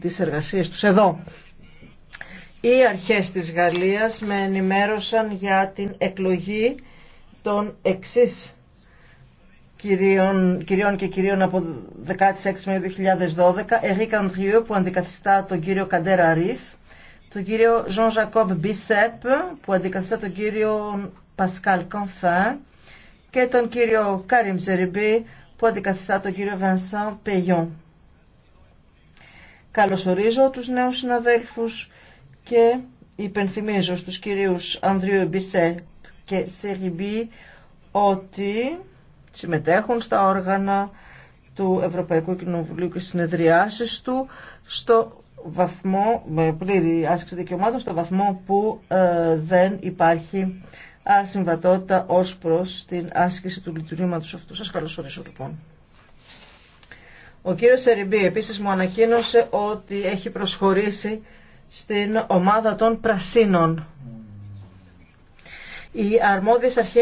τις εργασίες τους εδώ. Οι αρχές της Γαλλίας με ενημέρωσαν για την εκλογή των εξής κυρίων, κυρίων και κυρίων από 16 Μαΐου 2012, Ερίκ που αντικαθιστά τον κύριο Καντέρα Ρίφ, τον κύριο Ζων Ζακόμπ Μπισέπ που αντικαθιστά τον κύριο Πασκάλ Κανφά και τον κύριο Κάριμ Ζεριμπή που αντικαθιστά τον κύριο Βανσάν Πεγιόν. Καλωσορίζω τους νέους συναδέλφους και υπενθυμίζω στους κυρίους Ανδρίου Μπισέ και Σεριμπή ότι συμμετέχουν στα όργανα του Ευρωπαϊκού Κοινοβουλίου και συνεδριάσεις του στο βαθμό, με πλήρη άσκηση δικαιωμάτων, στο βαθμό που ε, δεν υπάρχει ασυμβατότητα ως προς την άσκηση του λειτουργήματος αυτού. Σας καλωσορίζω λοιπόν. Ο κύριος Σεριμπή επίσης μου ανακοίνωσε ότι έχει προσχωρήσει στην ομάδα των Πρασίνων. Οι αρμόδιες αρχές